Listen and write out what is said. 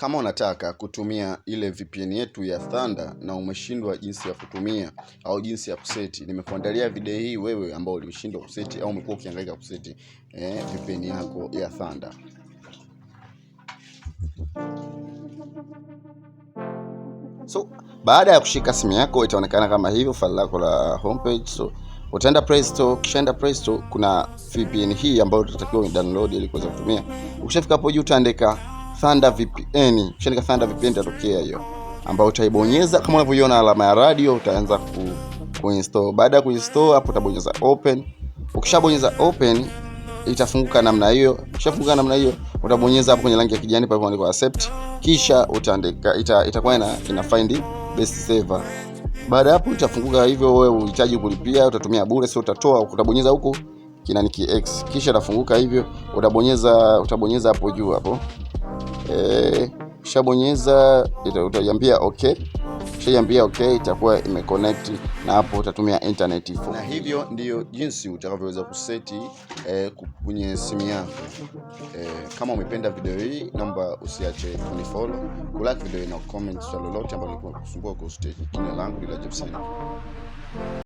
Kama unataka kutumia ile VPN yetu ya Thunder na umeshindwa jinsi ya kutumia au jinsi ya kuseti, nimekuandalia video hii wewe ambao ulishindwa kuseti au umekuwa ukihangaika kuseti eh, VPN yako ya Thunder. So baada ya kushika simu yako itaonekana kama hivyo faili lako la homepage. So utaenda Play Store, kishaenda Play Store kuna VPN hii ambayo utatakiwa ni download ili kuweza kutumia. Ukishafika hapo juu utaandika Thunder VPN, eh, kisha nika Thunder VPN itatokea hiyo, ambayo utaibonyeza kama unavyoiona alama ya radio, utaanza ku, kuinstall. Baada ya kuinstall hapo utabonyeza open. Ukishabonyeza open itafunguka namna hiyo. Ukishafunguka namna hiyo utabonyeza hapo kwenye rangi ya kijani pale palipoandikwa accept, kisha utaandika ita, itakuwa ina, ina find best server. Baada hapo itafunguka hivyo, wewe unahitaji kulipia, utatumia bure, sio utatoa, utabonyeza huko kinani kix, kisha itafunguka hivyo, utabonyeza utabonyeza hapo juu hapo eh, ushabonyeza utaiambia okay. Ushaiambia okay, itakuwa imeconnect na hapo utatumia internet ifo. Na hivyo ndio jinsi utakavyoweza kuseti eh, kwenye simu yako eh. Kama umependa video hii, naomba usiache kunifollow, kulike video hii na comment lolote ambalo kusumbua kuhusu jina langu Dullah Jabsani.